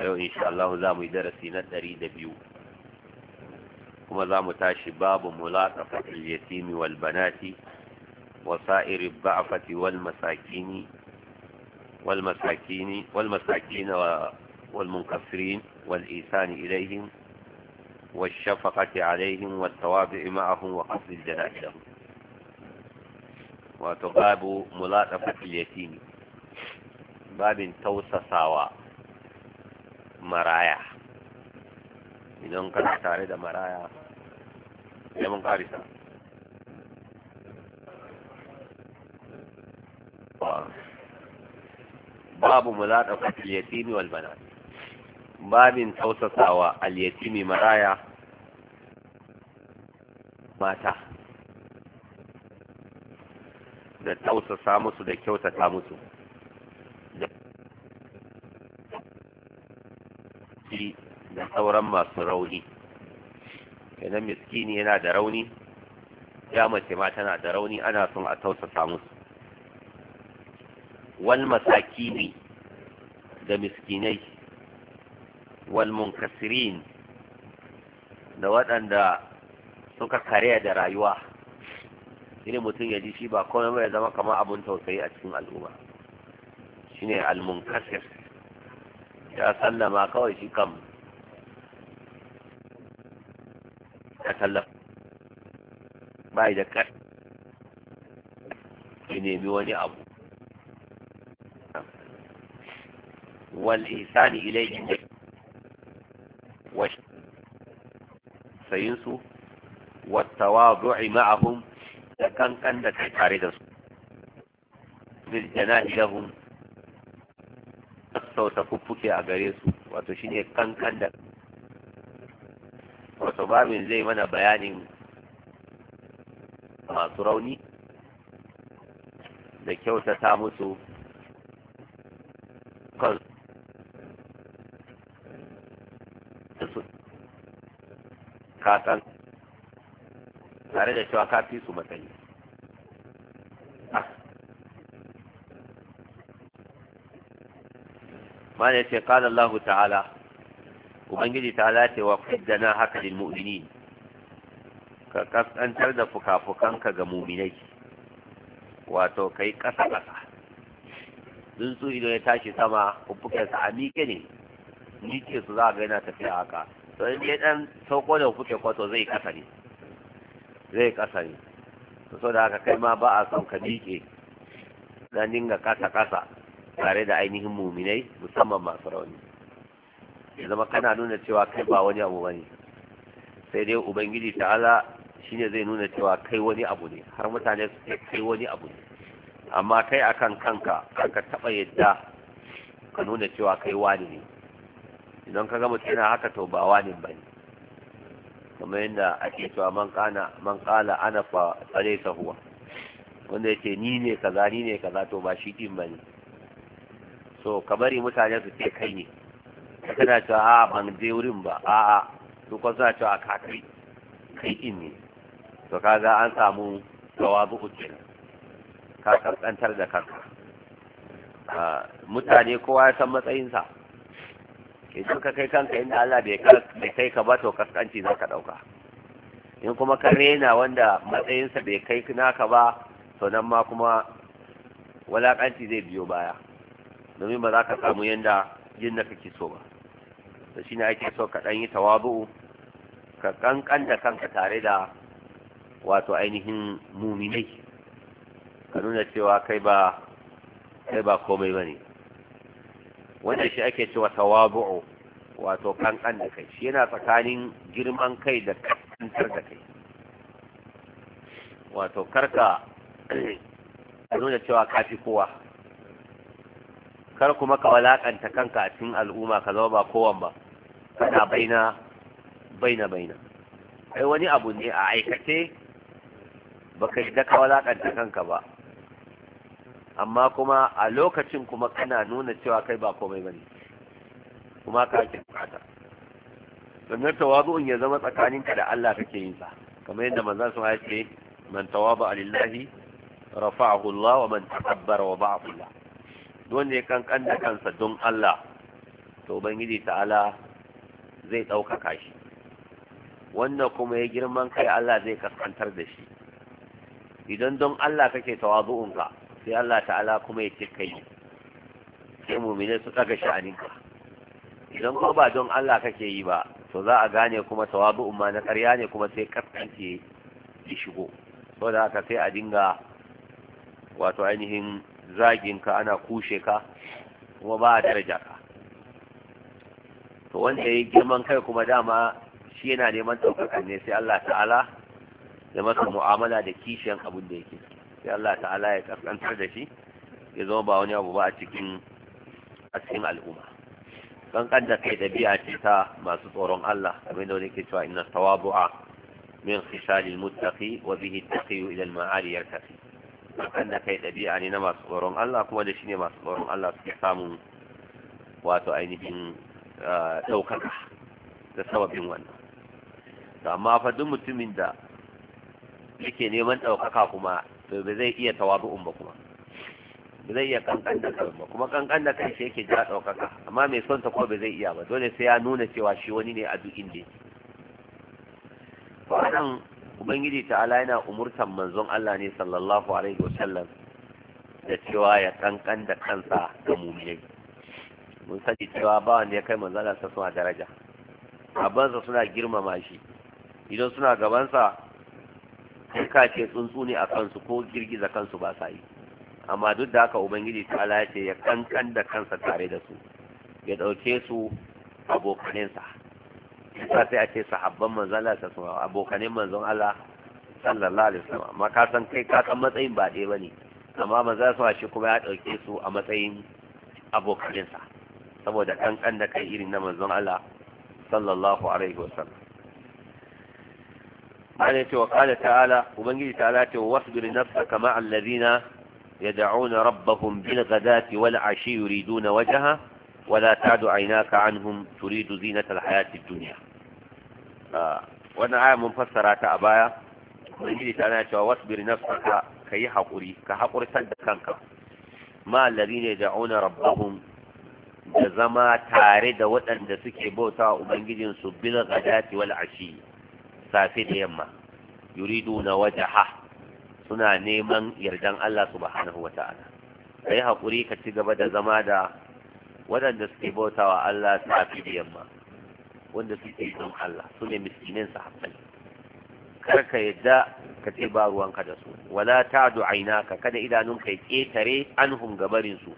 ان شاء الله زامو درسي نتري دبيو كما زامو تاشي باب ملاطفة اليتيم والبنات وسائر الضعفة والمساكين والمساكين والمساكين والمنكسرين والإيسان إليهم والشفقة عليهم والتوابع معهم وقصد الجنائي لهم وتقاب ملاطفة اليتيم باب توسى maraya idan kana tare da maraya sai mun karisa babu mu za ɗauka yatimi wal banat babin tausasawa al yatimi maraya mata da tausasa musu da kyautata musu misli da sauran masu rauni idan miskini yana da rauni ya mace ma tana da rauni ana son a tausasa musu wal masakini da miskinai wal munkasirin da waɗanda suka kare da rayuwa shine mutum ya ji shi ba komai ya zama kamar abun tausayi a cikin al'umma shine al-munkasir ya sallama kawai shi kan ya sallama bai da kai ya nemi wani abu wal ihsani ilayhi wa sayinsu wa tawadu'i ma'ahun da kankan da kai tare da su bil janahi lahum sassauta fuffuke a gare su wato shine kankan da wato babin zai mana bayanin masu rauni da kyautata musu kan su kakan tare da cewa kafi su matsayi mana yace qala Allah ta'ala ubangiji ta'ala ce wa fiddana haka lil mu'minin ka kasantar da fukafukanka ga mu'minai wato kai kasa kasa su ido ya tashi sama fukafukan a miƙe ne Ni ce su za a ga yana tafiya haka to in ya dan sauko da fuke kwato zai kasa ne zai kasa ne to saboda da haka kai ma ba a son ka miƙe dan dinga kasa kasa tare da ainihin muminai musamman masu rauni ya zama kana nuna cewa kai ba wani abu bane sai dai ubangiji ta'ala shine zai nuna cewa kai wani abu ne har mutane su kai wani abu ne amma kai akan kanka kanka taba yadda ka nuna cewa kai wani ne idan ka gama mutum haka to ba wani bane kamar yadda ake cewa man kana man ana fa sahuwa. huwa wanda yake ni ne kaza ni ne kaza to ba shi din bane to ka bari mutane su ce kai ne kana cewa a ban je wurin ba a a su kuma suna cewa ka kai kai in ne to kaga an samu tawazu kenan ka kaskantar da kanka mutane kowa ya san matsayinsa idan ka kai kanka inda Allah bai kai ka ba to kaskanci za ka ɗauka in kuma ka rena wanda matsayinsa bai kai naka ba to nan ma kuma wulaƙanci zai biyo baya domin ba za ka samu yadda jin na kake so ba da shi ne ake so ka ɗan yi tawabu'u ka ƙanƙan da kanka tare da wato ainihin muminai ka nuna cewa kai ba kai ba komai ba ne wanda shi ake cewa tawabu'u wato ƙanƙan da kai shi yana tsakanin girman kai da ƙanƙantar da kai wato karka ka nuna cewa ka fi kowa kar kuma ka walakanta kanka a cikin al'umma ka zama ba kowan ba kana baina baina baina ai wani abu ne a aikace baka yi ka walakanta kanka ba amma kuma a lokacin kuma kana nuna cewa kai ba komai ba ne, kuma ka ake bukata sannan tawazu'un ya zama tsakaninka da Allah kake yin sa kamar yadda manzon sun ya ce man tawaba lillahi rafa'ahu Allah wa man takabbara wa ba'ahu Allah don ne kankan da kansa don Allah to ubangiji ta'ala zai ɗaukaka shi wanda kuma ya girman kai Allah zai kaskantar da shi idan don Allah kake tawazu'unka sai Allah ta'ala kuma ya ce kai sai mumine su ɗaga sha'aninka idan ko ba don Allah kake yi ba to za a gane kuma tawazu'un ma na ƙarya ne kuma sai kaskance ya shigo saboda haka sai a dinga wato ainihin Zagin ka ana kushe ka kuma ba a daraja ka to wanda ya yi girman kai kuma dama shi yana neman ɗaukakan ne sai Allah ta'ala ya masa mu'amala da kishiyan abin da yake sai Allah ta'ala ya kaskantar da shi ya zama ba wani abu ba a cikin a cikin al'umma kankan da kai ɗabi'a ce ta masu tsoron Allah kamar da wani ke cewa inna tawabu'a min khishalil muttaqi wa bihi taqiyu ila al-ma'ali yartaqi hakan da kai ɗabi'a ne na masu tsoron Allah kuma da shi ne masu tsoron Allah suke samun wato ainihin ɗaukaka da sababin wannan amma fa duk mutumin da yake neman ɗaukaka kuma to ba zai iya tawabu'un ba kuma ba zai iya kankan da kai ba kuma kankan da kai shi yake ja ɗaukaka amma mai son ta kuma ba zai iya ba dole sai ya nuna cewa shi wani ne a duk inda yake ubangiji ta'ala yana umurtan manzon Allah ne sallallahu alaihi wasallam da cewa ya kankan da kansa ga mu'minai mun sani cewa ba wanda ya kai manzon Allah suna daraja abansa suna girmama shi idan suna gabansa kai ka ce tsuntsu ne a kansu ko girgiza kansu ba sa yi amma duk da haka ubangiji ta'ala ya ce ya kankan da kansa tare da su ya ɗauke su abokaninsa yasa sai ake sahabban manzon Allah ta sama abokanin manzon Allah sallallahu alaihi wasallam amma ka san kai ka san matsayin ba ɗaya bane amma manzon Allah shi kuma ya dauke su a matsayin abokanin sa saboda kankan da kai irin na manzon Allah sallallahu alaihi wasallam ana ce wa kala ta'ala ubangiji ta'ala ce wa wasu wasbir nafsaka ma'a alladhina yad'una rabbahum bil ghadati wal ashi yuriduna wajha ولا تعد عيناك عنهم تريد زينة الحياة الدنيا آه وانا آية منفسرة أبايا وإنجلي تعالى واصبر نفسك كي حقري كحقر سدكنك ما الذين يدعون ربهم جزما تارد وطن دسك بوتا وبنجلين سبيل غداة والعشي سافد يما يريدون وجهه suna neman yardan Allah subhanahu wa ta'ala kai haƙuri ka ci gaba da zama da waɗanda suke bautawa Allah safi da yamma wanda suke don Allah su ne miskinin sahabbai kar ka yadda ka ce ba ruwanka da su wala ta aina ka kada idanunka ya ketare anhum gabarin su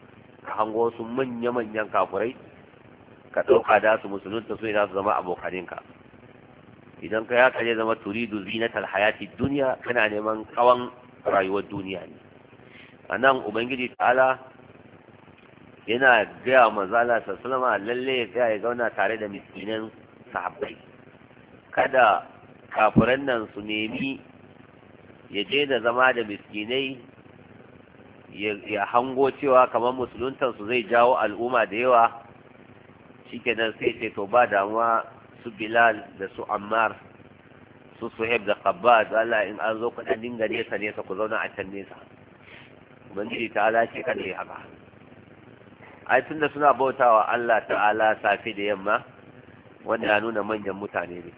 ka hango su manya manyan kafurai ka ɗauka da su musulunta su ina su zama abokaninka idan ka ya kaje zama turidu zinatal hayati duniya kana neman kawan rayuwar duniya ne anan ubangiji ta'ala yana gaya wa mazala sallallahu lalle ya gaya ya zauna tare da miskinan sahabbai kada kafiran nan su nemi ya je da zama da miskinai ya hango cewa kamar musuluntan su zai jawo al'umma da yawa nan sai ce to ba damuwa su Bilal da su Ammar su Suhaib da Qabbad Allah in an zo kudin dinga nesa nesa ku zauna a can nesa ubangiji ta ala ce kada ya haka ai da suna bautawa Allah ta'ala safi da yamma wanda ya nuna manyan mutane ne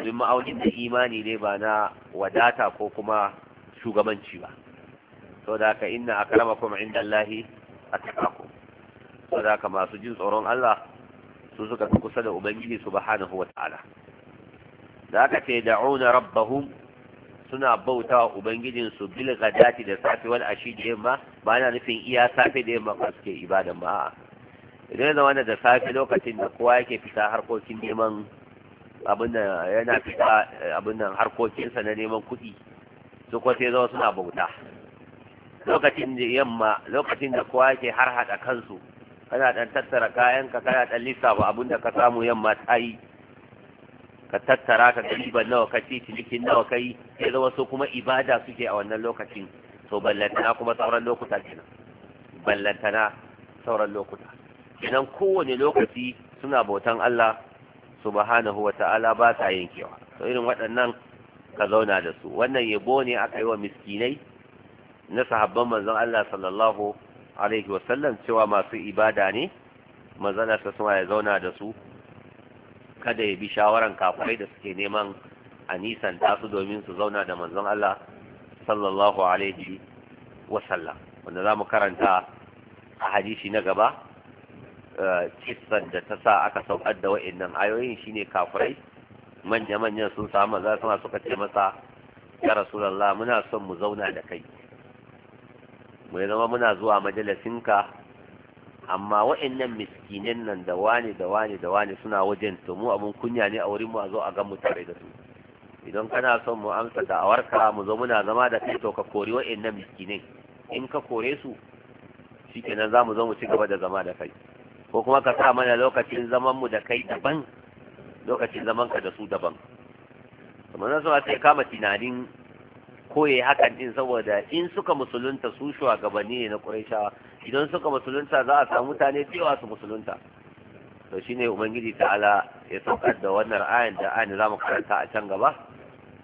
domin ma'aunin da imani ne ba na wadata ko kuma shugabanci ba so da haka inna akramakum inda Allahi atqakum so da haka masu jin tsoron Allah su suka fi kusa da ubangiji subhanahu ta'ala da aka ce da'una rabbahum suna bauta wa ubangijinsu bil gadati da safe wal ashi da yamma ba na nufin iya safe da yamma ba suke ibadan ba idan zama da safe lokacin da kowa yake fita harkokin neman abin da yana fita abin nan harkokinsa na neman kuɗi su kuwa sai zama suna bauta lokacin da yamma lokacin da kowa yake har haɗa kansu kana ɗan tattara kayanka kana ɗan lissafa abin da ka samu yamma ta yi ka tattara ka gani ban nawa ka ci cinikin nawa kai sai zama so. kuma ibada suke a wannan lokacin to ballantana kuma sauran lokuta kenan ballantana sauran lokuta kenan kowane lokaci suna bautan Allah subhanahu wa ta'ala ba sa yankewa to irin waɗannan ka zauna da su wannan yabo ne aka yi wa miskinai na sahabban manzon Allah sallallahu alaihi wasallam cewa masu ibada ne manzon Allah ya zauna da su kada ya bi shawaran kafirai da suke neman a nisan tasu domin su zauna da manzon Allah sallallahu alaihi wa sallam wanda zamu karanta a hadisi na gaba eh, kissan da ta sa aka saukar da wa'annan ayoyin shine kafirai manya-manyan sun samu maza suna suka ce masa ya rasulallah muna son mu zauna da kai mu zama muna zuwa majalisinka amma wa'annan miskinan nan da wani da wani da wani suna wajen to mu abun kunya ne a wurin mu a zo a gan mu tare da su idan kana son mu amsa da awarka mu zo muna zama da kai to ka kori wa'annan miskinai in ka kore su shikenan za mu zo mu ci gaba da zama da kai ko kuma ka sa mana lokacin zaman mu da kai daban lokacin zaman ka da su daban kamar nan suna sai kama tunanin ko yayi hakan din saboda in suka musulunta su shugabanni ne na Qurayshawa idan suka musulunta za a samu mutane cewa su musulunta to shine ubangiji ta'ala ya saukar da wannan ayan da ayin za mu karanta a can gaba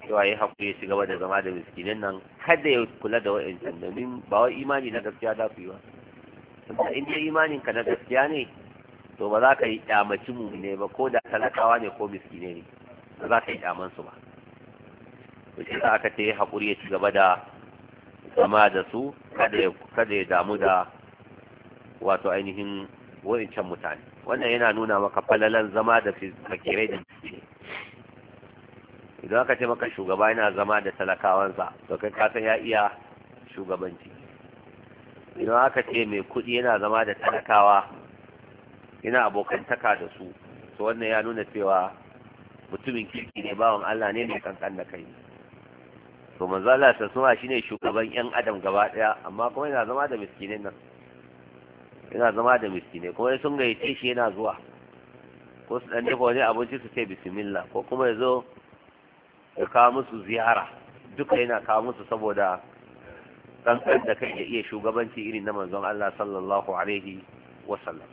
cewa ya haƙuri ya shiga da zama da miskinin nan kada ya kula da wa'ancan domin ba wai imani na gaskiya za ku yi ba tunda in dai imanin ka na gaskiya ne to ba za ka yi kyamaci mu ne ba ko da talakawa ne ko miskine ne ba za ka yi kyamansu ba wajen da aka ta yi haƙuri ya ci gaba da zama da su kada ya damu da wato ainihin can mutane wannan yana nuna maka falalan zama da fakirai da miskini idan aka ce maka shugaba yana zama da talakawansa to kai ka san ya iya shugabanci idan aka ce mai kuɗi yana zama da talakawa yana abokantaka da su to wannan ya nuna cewa mutumin kirki ne bawan Allah ne mai kankan da kai to manzo Allah ta suma shine shugaban yan adam gaba daya amma kuma yana zama da miskinai nan yana zama da miskinai sai sun gayyace shi yana zuwa ko su dan dafa wani abinci su ce bismillah ko kuma ya zo ya kawo musu ziyara duka yana kawo musu saboda kankan da kai da iya shugabanci irin na manzon Allah sallallahu alaihi wasallam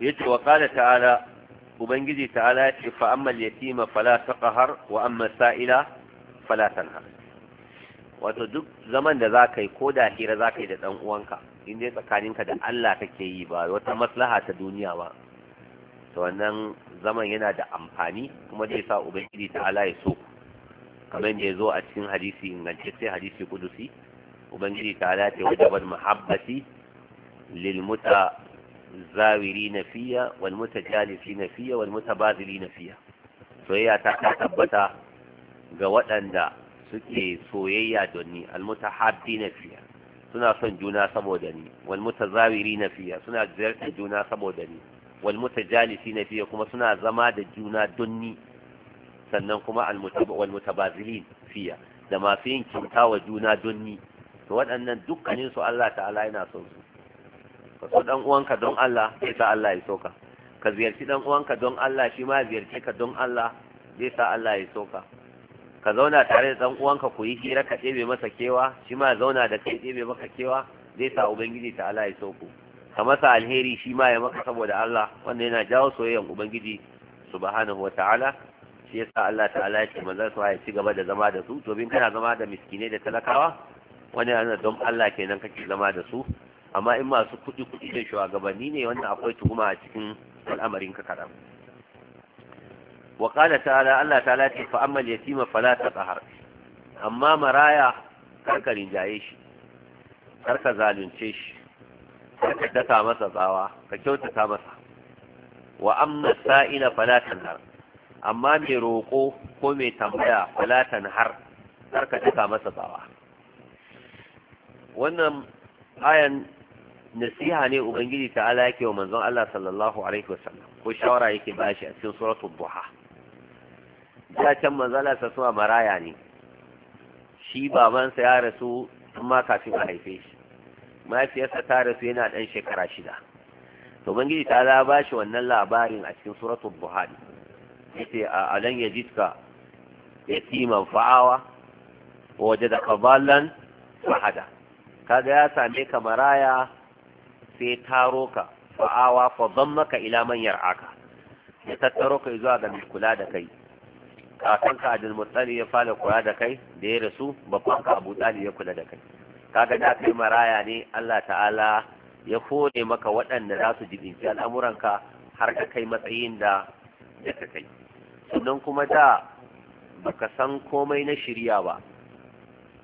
yace wa qala ta'ala ubangiji ta Ala ya ce fa yatima fala ƙahar wa amma sa'ila fala tanhar wato duk zaman da za ka yi ko da hira za ka yi da ɗan'uwanka, uwanka in dai tsakaninka da Allah kake yi ba wata maslaha ta duniya ba ta wannan zaman yana da amfani kuma zai sa ubangiji ta Ala ya so kamar da ya zo a cikin hadisi sai hadisi kudusi ubangiji ta Ala ya ce wajabar mahabbati lil muta zawirina fiya wal mutajalisina fiya wal mutabadilina fiya soyayya ta tabbata ga waɗanda suke soyayya don ni al mutahabbina fiya suna son juna saboda ni wal mutazawirina fiya suna ziyartar juna saboda ni fiya kuma suna zama da juna sannan kuma al mutabazilin fiya da masu yin kyauta wa juna donni. to waɗannan dukkanin su Allah ta'ala yana son su ka so dan uwanka don Allah zai sa Allah ya soka ka ziyarci dan uwanka don Allah shi ma ziyarce ka don Allah zai sa Allah ya soka ka zauna tare da dan uwanka ku yi hira ka ɗebe masa kewa shi ma zauna da kai ɗebe maka kewa zai sa ubangiji ta Allah ya soku ka masa alheri shi ma ya maka saboda Allah wanda yana jawo soyayyan ubangiji subhanahu wataala shi yasa Allah ta'ala ya ce manzon su ya ci gaba da zama da su to bin kana zama da miskinai da talakawa wani ana don Allah kenan kake zama da su amma in masu kuɗi kuɗi da shugabanni ne wannan akwai tuhuma a cikin al'amarin ka karam wa qala ta'ala Allah ta'ala ce fa amma yatima fala taqhar amma maraya karkarin jaye shi karka zalunce shi ka daka masa tsawa ka kyautata masa wa amma sa'ila fala tanhar amma mai roƙo ko mai tambaya fala tanhar karka daka masa tsawa wannan ayan nasiha ne ubangiji ta'ala yake wa manzon Allah sallallahu alaihi wasallam ko shawara yake ba shi a cikin suratul duha da can manzala sa suwa maraya ne shi babansa ya rasu amma kafin a haife shi mahaifiyarsa ta rasu yana dan shekara shida to ubangiji ta'ala ba shi wannan labarin a cikin suratul duha yace a alan yajidka yatiman fa'awa wa wajadaka dhallan fahada kaga ya same ka maraya sai taro ka fa'awa fa maka ila manyar aka. ya tattaro ka zuwa ga kula da kai kakan ka Abdul Muttalib ya fara kula da kai da ya rasu babban ka Abu Talib ya kula da kai kaga da kai maraya ne Allah ta'ala ya kone maka waɗanda za su jibinci ka har ka kai matsayin da ya ka kai sannan kuma da baka san komai na shirya ba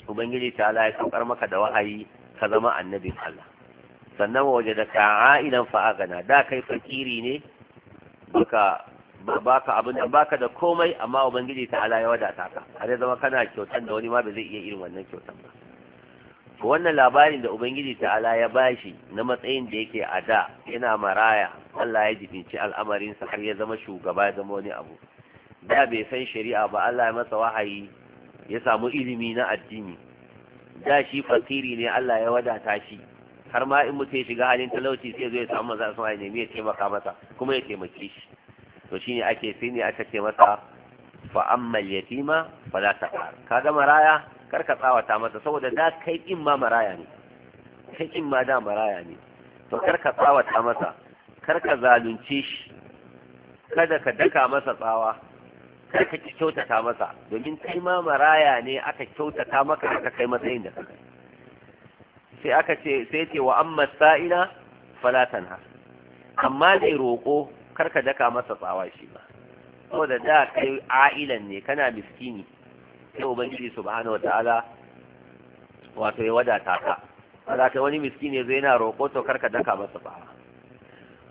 ubangiji ta ya saukar maka da wahayi ka zama annabin Allah sannan waje da fa'a fa'agana da kai fakiri ne baka da komai amma ubangiji ta ala ya wadata ka har zama kana kyautan da wani ma ba zai iya irin wannan kyautan ba wannan labarin da ubangiji ta ala ya bashi na matsayin da yake a da yana maraya Allah ya jibinci al'amarinsa har ya zama shugaba ya zama wani abu da bai san shari'a ba Allah ya masa wahayi ya samu ilimi na addini da shi fakiri ne Allah ya wadata shi har ma in mutum ya shiga halin talauci sai zo ya samu manzo sama ya nemi ya taimaka masa kuma ya taimake shi to shine ake sai ne aka ce masa fa amma yatima fala taqar ga maraya kar ka tsawata masa saboda da kai kin ma maraya ne kai kin ma da maraya ne to kar ka tsawata masa kar ka zalunce shi kada ka daka masa tsawa kar ka kyautata masa domin kai ma maraya ne aka kyautata maka aka kai matsayin da ka kai sai aka ce sai ce wa amma sa'ila fala tanha amma dai roko karka daka masa tsawa shi ba saboda da kai ailan ne kana miskini sai ubangiji subhanahu wataala wato ya wadata ka za kai wani miskini zai yana roƙo to karka daka masa tsawa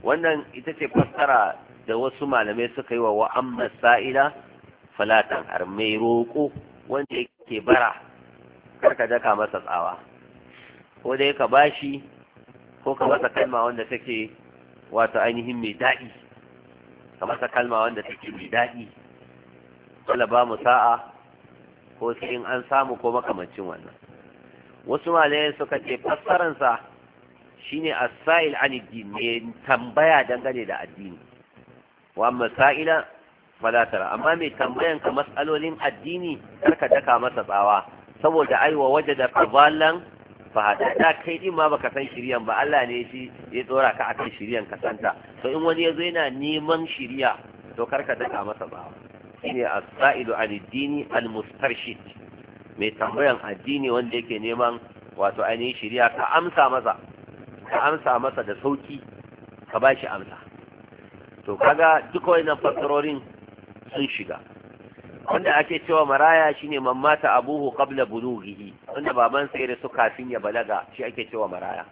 wannan ita ce fassara da wasu malamai suka yi wa wa'amma sa'ila falatan har mai roƙo wanda yake bara karka daka masa tsawa ko dai ka bashi ko ka masa kalma wanda take wato ainihin mai daɗi ka masa kalma wanda take mai daɗi wala ba mu sa'a ko sai in an samu ko makamancin wannan wasu malamai suka ce fassaransa shine as-sa'il an din ne tambaya dangane da addini wa masaila sa'ila fala tara amma mai tambayan ka mas'alolin addini karka daka masa tsawa saboda aiwa wajada fadalan fa da kai din ma baka san shiriyan ba Allah ne shi ya tsora ka akan shiriyan ka santa to in wani yazo yana neman shiriya to karka daka masa ba shine as-sa'idu al-dini al-mustarshid mai tambayan addini wanda yake neman wato ainihin shiriya ka amsa masa ka amsa masa da sauki ka bashi amsa to kaga duk wayannan fasarorin sun shiga wanda ake cewa maraya shine mamata abuhu qabla bulughihi wanda baban sa ya rasu kafin ya balaga shi ake cewa maraya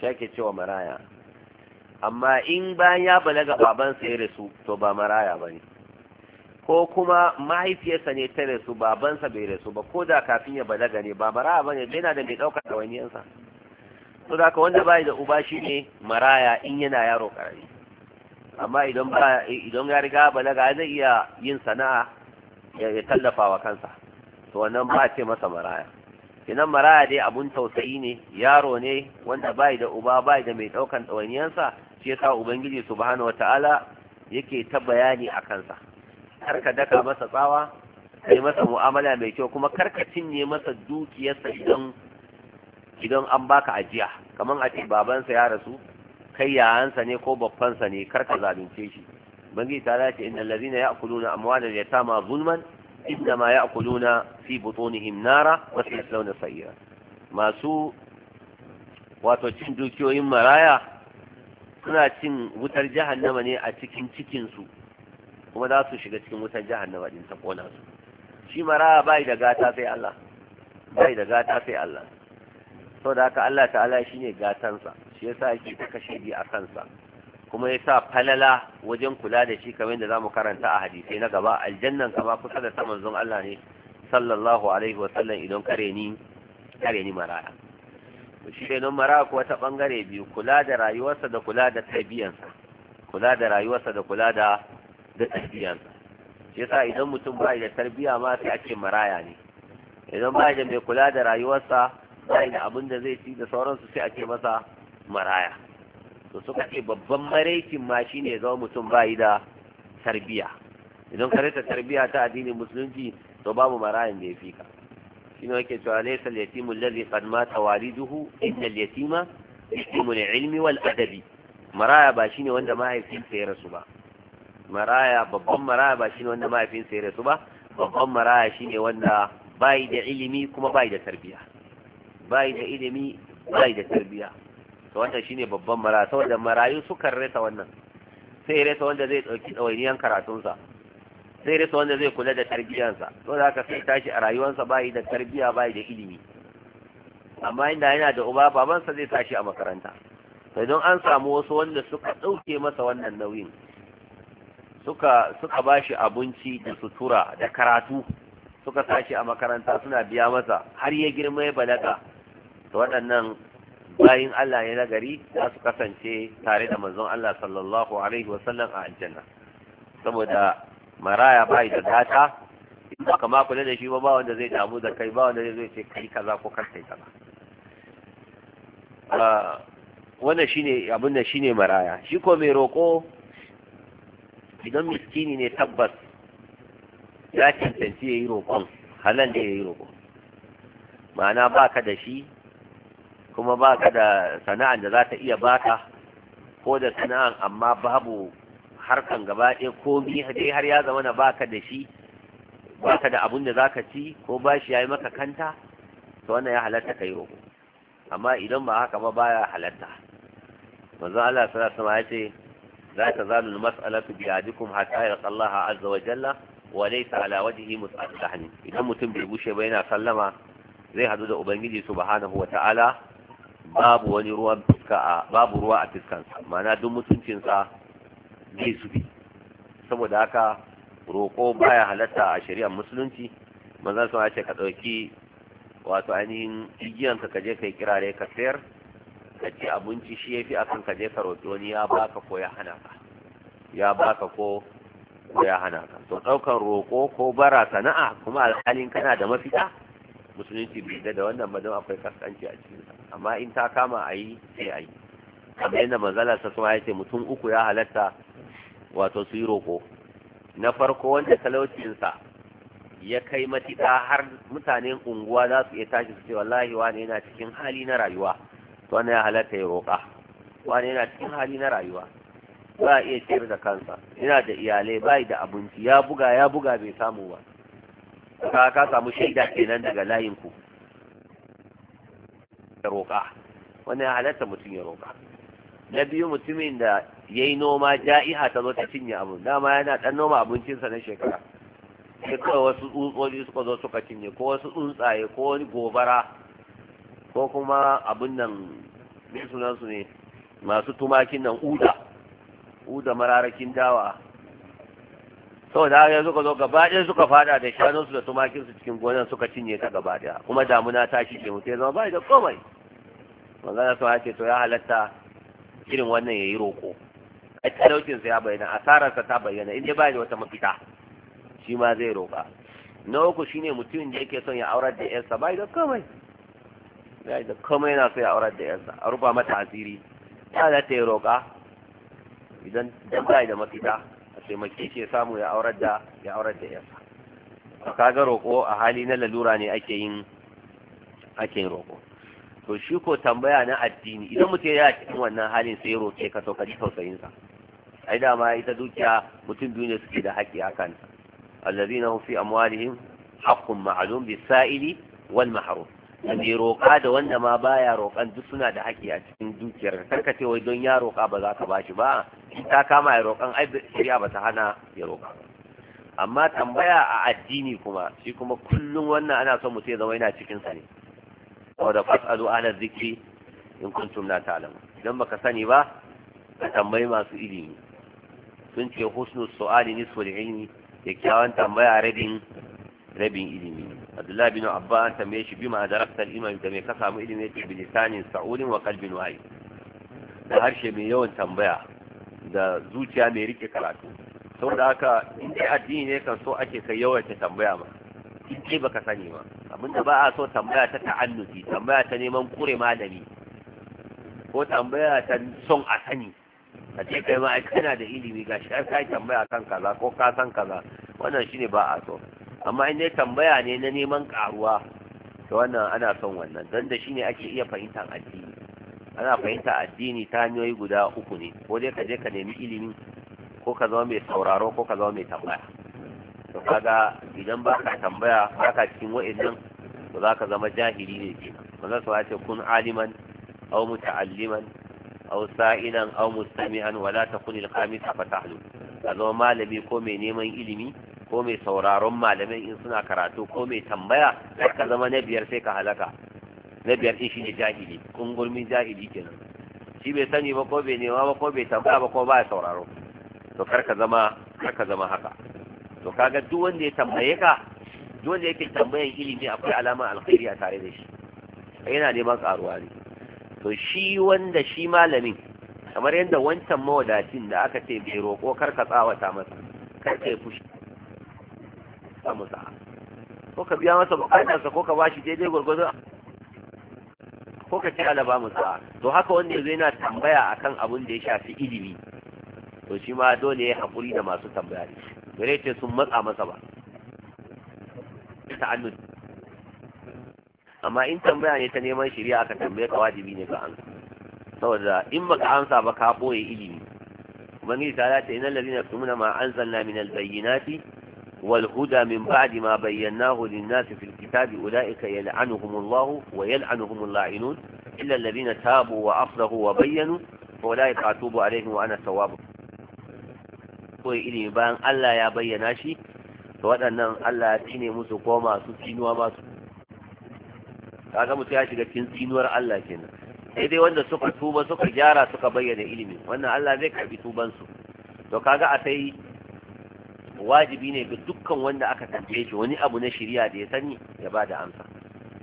shi ake cewa maraya amma in bayan ya balaga baban sa ya rasu to ba maraya bane ko kuma mahaifiyarsa ne ta rasu babansa bai rasu ba ko da kafin ya balaga ne ba maraya bane na da mai da ɗawainiyarsa to da wanda bai da uba shine maraya in yana yaro karami amma idan ba idan ya riga balaga zai iya yin sana'a ya tallafa wa kansa to wannan ba ce masa maraya kinan maraya dai abun tausayi ne yaro ne wanda bai da uba bai da mai daukan ɗawainiyansa shi yasa ubangiji subhanahu wataala yake ta bayani a kansa karka ka daka masa tsawa kai masa mu'amala mai kyau kuma kar ka cinye masa dukiyarsa idan idan an baka ajiya kaman a ce babansa ya rasu kai yayansa ne ko sa ne kar ka zalunce shi bangi ta lati inna allazina ya'kuluna amwala al-yatama zulman innama ya'kuluna fi butunihim nara wa sayaslawna sayira masu wato cin dukiyoyin maraya suna cin wutar jahannama ne a cikin cikin su kuma za su shiga cikin wutar jahannama din ta kona su shi maraya bai da gata sai Allah bai da gata sai Allah saboda haka Allah ta'ala shine gatansa shi yasa yake kashe bi a kansa kuma ya sa falala wajen kula da shi kamar da zamu karanta a hadisai na gaba aljannan kama kusa da saman zon Allah ne sallallahu alaihi wa sallam idan kare ni kare ni maraya shi ne non maraya kuwa ta bangare biyu kula da rayuwarsa da kula da tabiyansa kula da rayuwarsa da kula da da shi yasa idan mutum ba da tarbiya ma sai ake maraya ne idan ba da mai kula da rayuwarsa ba da abin da zai ci da sauransu sai ake masa maraya to suka ce babban maraicin ma shi ne zama mutum yi da tarbiya idan ka rasa tarbiya ta addinin musulunci to babu marayin da ya fi ka shi ne wake cewa laysa al-yatimu alladhi qad mata waliduhu inna al-yatima yatimu al-ilmi wal adabi maraya ba shine wanda mahaifinsa ya rasu ba maraya babban maraya ba shine wanda mahaifinsa ya rasu ba babban maraya shine wanda bai da ilimi kuma bai da tarbiya bai da ilimi bai da tarbiya to wannan shine babban mara saboda marayu sukan rasa wannan sai rasa wanda zai dauki dawainiyan karatunsa sai rasa wanda zai kula da tarbiyansa to da haka sai tashi a rayuwarsa bai da tarbiya bai da ilimi amma inda yana da uba sa zai tashi a makaranta sai don an samu wasu wanda suka dauke masa wannan nauyin suka suka bashi abinci da sutura da karatu suka tashi a makaranta suna biya masa har ya girma ya balaga to waɗannan bayin Allah ya nagari za su kasance tare da manzon Allah sallallahu alaihi wasallam a aljanna saboda maraya bai da data in ba kama kula da shi ba ba wanda zai damu da kai ba wanda zai ce kai kaza ko kar kai kaza ah, wannan shine abin da shine maraya shi ko mai roko idan miskini ne tabbas ya cancanci ya yi roƙon halan da ya yi roƙo ma'ana baka da shi kuma ba ka da sana'an da za ta iya baka ko da sana'an amma babu harkan gaba ɗaya ko dai har ya zama na baka da shi baka da abun da za ka ci ko ba shi ya yi maka kanta to wannan ya halatta ka yi roƙo amma idan ba haka ba baya halatta manzo Allah sallallahu alaihi wasallam ya ce za tazalu al-mas'alatu bi ahadikum hatta yalqa Allah azza wa jalla wa laysa ala a mus'al idan mutum bai bushe ba yana sallama zai hadu da ubangiji subhanahu wa ta'ala babu wani ruwan fuska a babu ruwa a fiskansa ma'ana duk mutuncinsa zai zube saboda haka roƙo baya halatta a shari'ar musulunci manzon sun ce ka ɗauki wato ainihin igiyanka ka je kai kirare ka sayar ka ci abinci shi ya fi akan ka je ka roƙi wani ya baka ko ya hana ka ya baka ko ya hana ka to ɗaukar roƙo ko bara sana'a kuma alhalin kana da mafita musulunci bai da wannan ba akwai kaskanci a cikinsa amma in ta kama a yi sai a yi kamar yadda manzala ta suma ya mutum uku ya halatta wato su yi roƙo na farko wanda talaucinsa ya kai matiɗa har mutanen unguwa za su iya tashi su ce wallahi wane yana cikin hali na rayuwa to wannan ya halatta ya roƙa wane yana cikin hali na rayuwa ba iya ciyar da kansa yana da iyalai bai da abinci ya buga ya buga bai samu ba ka ka samu shaida kenan daga layin ku ya roƙa wani halatta mutum ya roƙa na biyu mutumin da ya yi noma ja'iha ta zo ta cinye abu dama yana ɗan noma abincinsa na shekara sai kawai wasu tsutsotsi suka zo suka cinye ko wasu tsuntsaye ko wani gobara ko kuma abin nan sunansu ne masu tumakin nan uda uda mararakin dawa saboda haka suka zo gaba ɗaya suka fada da shanunsu da tumakinsu cikin gonan suka cinye ta gaba ɗaya kuma damuna ta shi ke mutu ya zama bai da komai manzana sun ce to ya halatta irin wannan ya yi roƙo a talaucinsa ya bayyana asararsa ta bayyana inda ba da wata mafita shi ma zai roƙa na uku shine mutumin da yake son ya aurar da yarsa bai da komai ya da komai yana so ya aurar da yarsa a rufa mata asiri ta da ta yi roƙa idan dan bai da mafita taimake shi ya samu ya aurar da ya aurar da yarsa to kaga roƙo a hali na lalura ne ake yin ake yin roƙo to shi ko tambaya na addini idan mutum ya cikin wannan halin sai roƙe ka to ka ji tausayin sa ai dama ita dukiya mutum duniya suke da haƙƙi akan kanta allazina hum fi amwalihim haqqun ma'lum bis-sa'ili wal mahrum da mai roƙa da wanda ma baya roƙan duk suna da haƙƙi a cikin dukiyar kar ka ce wai don ya roƙa ba za ka bashi ba ta kama ya roƙan ai shari'a ba ta hana ya roƙa amma tambaya a addini kuma shi kuma kullum wannan ana son mutum ya zama yana cikin sa ne saboda fasalu ala zikri in kuntum na ta'lamu idan baka sani ba ka tambayi masu ilimi sun ce husnul su'ali nisful ilmi kyakkyawan tambaya rabin ilimi abdullahi bin abba an tambaye shi bima adarakta al-imam da me ka samu ilimi yake bi lisanin sa'ulin wa qalbin wahid da harshe mai yawan tambaya da zuciya mai rike karatu saboda haka in dai addini ne kan so ake kai yawaita tambaya ma in dai baka sani ma abinda ba a so tambaya ta ta'annuti tambaya ta neman kure malami ko tambaya ta son a sani a ce kai ma kana da ilimi ga shi kai tambaya kan kaza ko ka san kaza wannan shine ba a so amma in dai tambaya ne na neman karuwa to wannan ana son wannan don da shine ake iya fahimtar addini ana fahimta addini ta hanyoyi guda uku ne ko dai ka je ka nemi ilimi ko ka zama mai sauraro ko ka zama mai tambaya to kaga idan ba ka tambaya ba ka cikin wa'annan to za ka zama jahili ne ke manzon sa ce kun aliman aw muta'alliman aw sa'ilan aw mustami'an wala takun al-khamisa fa tahlu zama malami ko mai neman ilimi ko mai sauraron malamai in suna karatu ko mai tambaya ka zama na biyar sai ka halaka na biyar din shine jahili kungurmin jahili kenan shi bai sani ba ko bai nema ba ko bai tambaya ba ko ba ya sauraro to kar ka zama kar ka zama haka to kaga duk wanda ya tambaye ka duk wanda yake tambayan ilimi akwai alama alkhairi a tare da shi yana neman karuwa ne to shi wanda shi malamin kamar yadda wancan mawadacin da aka ce bai roƙo kar ka tsawata masa kar ka yi fushi sa masa ko ka biya masa bukatarsa ko ka bashi daidai gwargwadon ko ka ce alaba musa to haka wanda yanzu yana tambaya akan abin da ya shafi ilimi to shi ma dole ya haƙuri da masu tambaya ne bare ce sun matsa masa ba ta'annud amma in tambaya ne ta neman shari'a aka tambaye ka wajibi ne ka amsa saboda in baka ansa ba ka boye ilimi ubangiji ta ce innal ladina yaktumuna ma anzalna min al-bayyinati والهدى من بعد ما بيناه للناس في الكتاب أولئك يلعنهم الله ويلعنهم اللاعنون إلا الذين تابوا وأصلحوا وبينوا فأولئك أتوب عليهم وأنا التواب kawai ilimin bayan Allah ya bayyana shi to waɗannan Allah ya tsine musu ko masu tsinuwa masu kaga mutum ya shiga cikin tsinuwar Allah kenan sai dai wanda suka tuba suka gyara suka bayyana ilimi, wannan Allah zai karbi tubansu to kaga a sai wajibi ne ga dukkan wanda aka tambaye shi wani abu na shari'a da ya sani ya ba da amsa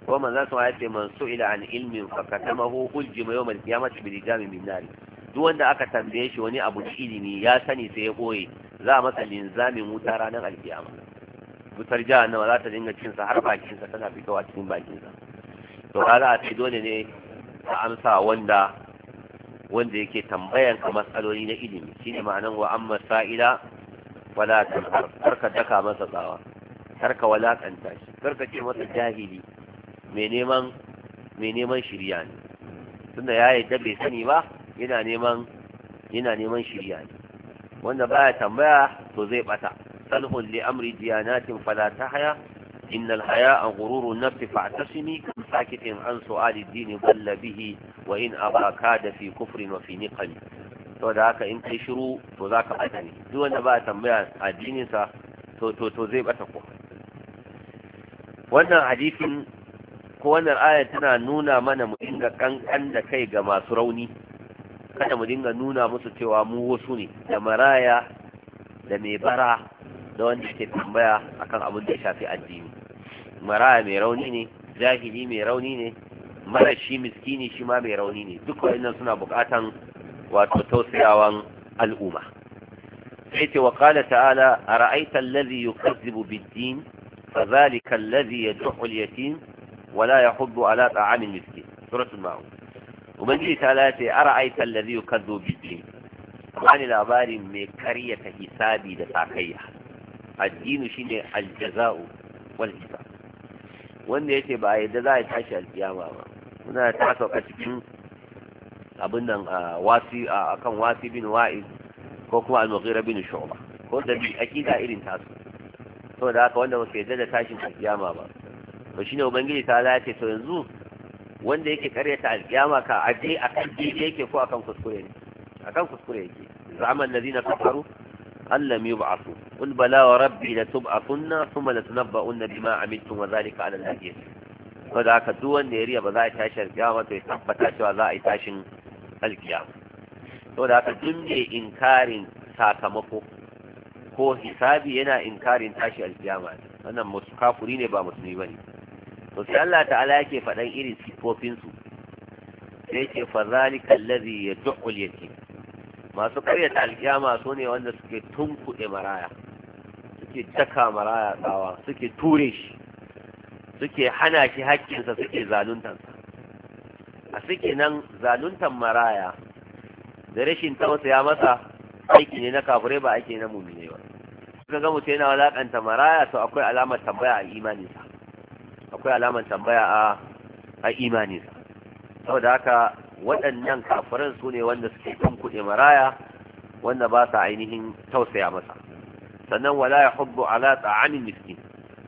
ko manzo sun ayace man su'ila an ilmin fa katamahu uljima yawm al-qiyamati bi rijami min nar duk wanda aka tambaye shi wani abu ilimi ya sani sai ya boye za a masa linzamin wuta ranar alkiyama wutar jahannama za ta dinga cin sa har bakin sa tana fitowa cikin bakin sa to kaga a ce dole ne ka amsa wanda wanda yake tambayan ka matsaloli na ilimi shine ma'anan wa amma sa'ila wala karka daka masa tsawa karka walakanta shi karka ce masa jahili mai neman mai neman shirya ne tunda ya yi bai sani ba yana neman yana neman shirya ne wanda baya tambaya to zai bata salhun li amri diyanatin fala haya إن الحياء غرور النفس فاعتصمي كم ساكت عن سؤال الدين ضل به وإن أبا كاد في كفر وفي نقم saboda haka in kai shiru to za ka bata ne duk wanda ba tambaya addininsa to to to zai bata ko wannan hadisin ko wannan ayar tana nuna mana mu dinga kankan da kai ga masu rauni kada mu dinga nuna musu cewa mu wasu ne da maraya da mai bara da wanda ke tambaya akan abin da ya shafi addini maraya mai rauni ne jahili mai rauni ne mara shi miskini shi ma mai rauni ne duk wannan suna bukatan wato tausayawan al'umma sai ce wa qala ta'ala ara'aita allazi yukazzibu biddin, din fadhalika allazi yad'u al-yatim wa la yahuddu ala ta'am al-miskin suratul ma'un ubangiji ta la ce ara'aita allazi yukazzibu bid-din wani labarin mai karyata hisabi da sakayya addinu shine al-jaza'u wal hisab wanda yace ba a yadda za a tashi alkiyama ba muna tasa sauka cikin abin nan wasi akan wasi bin wa'iz ko kuma al-mughira bin shu'ba ko da bi akida irin tasu to da haka wanda ba da tashin kiyama ba to shine ubangiji ta Allah ce to yanzu wanda yake karyata al-kiyama ka aje akan dide yake ko akan kuskure ne akan kuskure yake zaman ladina kafaru an lam yub'athu qul bala wa rabbi tub'athunna thumma latunabba'unna bima 'amiltum wa zalika 'ala al-hadith da haka duk wanda ya riya ba za a tashi al-kiyama to ya tabbata cewa za a yi tashin alkiyama to da haka duk inkarin sakamako ko hisabi yana inkarin tashi alkiyama wannan musu kafuri ne ba musulmi bane to sai Allah ta'ala yake faɗan irin sifofin su sai yake fa zalika allazi yad'u al-yatim masu karyata alkiyama su ne wanda suke tunkuɗe maraya suke daka maraya tsawa suke ture shi suke hana shi haƙƙinsa suke zaluntansa a suke nan zaluntan maraya da rashin tausaya masa aiki ne na kafure ba aiki na mumine ba suka ga mutum yana walakanta maraya to akwai alamar tambaya a imaninsa akwai alamar tambaya a a imaninsa saboda haka waɗannan kafuran su ne wanda suke kan kuɗe maraya wanda ba sa ainihin tausaya masa sannan wala ya hubbu ala ta'amin miskin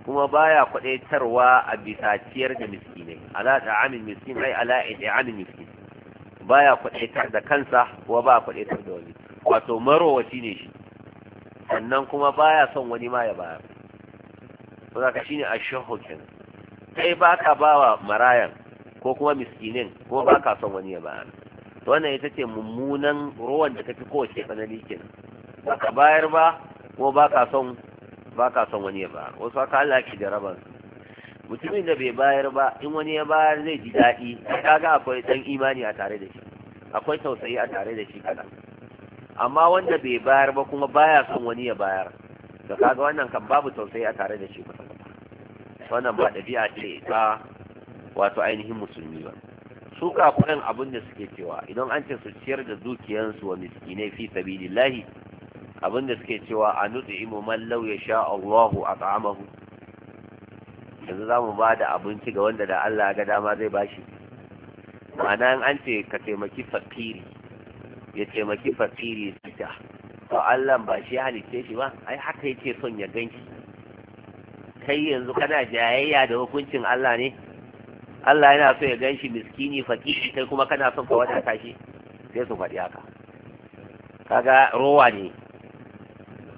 kuma baya kwadaitarwa a bisa ciyar da miskinai ala da amin miskin ai ala da amin miskin baya kwadaitar da kansa kuma ba kwadaitar da wani wato marowaci ne shi sannan kuma baya son wani ma ya bayar to zaka shine ashahu kenan kai baka bawa marayan ko kuma miskinin ko baka son wani ya bayar to wannan ita ce mummunan ruwan da tafi kowace tsanani kenan baka bayar ba ko baka son ba ka son wani ya bayar wasu haka Allah ke da rabar mutumin da bai bayar ba in wani ya bayar zai ji daɗi kaga akwai dan imani a tare da shi akwai tausayi a tare da shi kada amma wanda bai bayar ba kuma baya son wani ya bayar da kaga wannan kan babu tausayi a tare da shi ba wannan ba ɗabi'a ce ba wato ainihin musulmi ba su kafin abin da suke cewa idan an ce su ciyar da dukiyansu wa miskinai fi sabilillahi abinda suke cewa a nut'imu man law yasha Allahu at'amahu yanzu za mu ba da abinci ga wanda da Allah ga dama zai bashi ma'ana an ce ka taimaki fakiri ya taimaki fakiri sita to Allah ba shi halice shi ba ai haka yake son ya ganki kai yanzu kana jayayya da hukuncin Allah ne Allah yana so ya ganshi miskini fakiri kai kuma kana son ka wadata shi sai su faɗi haka kaga rowa ne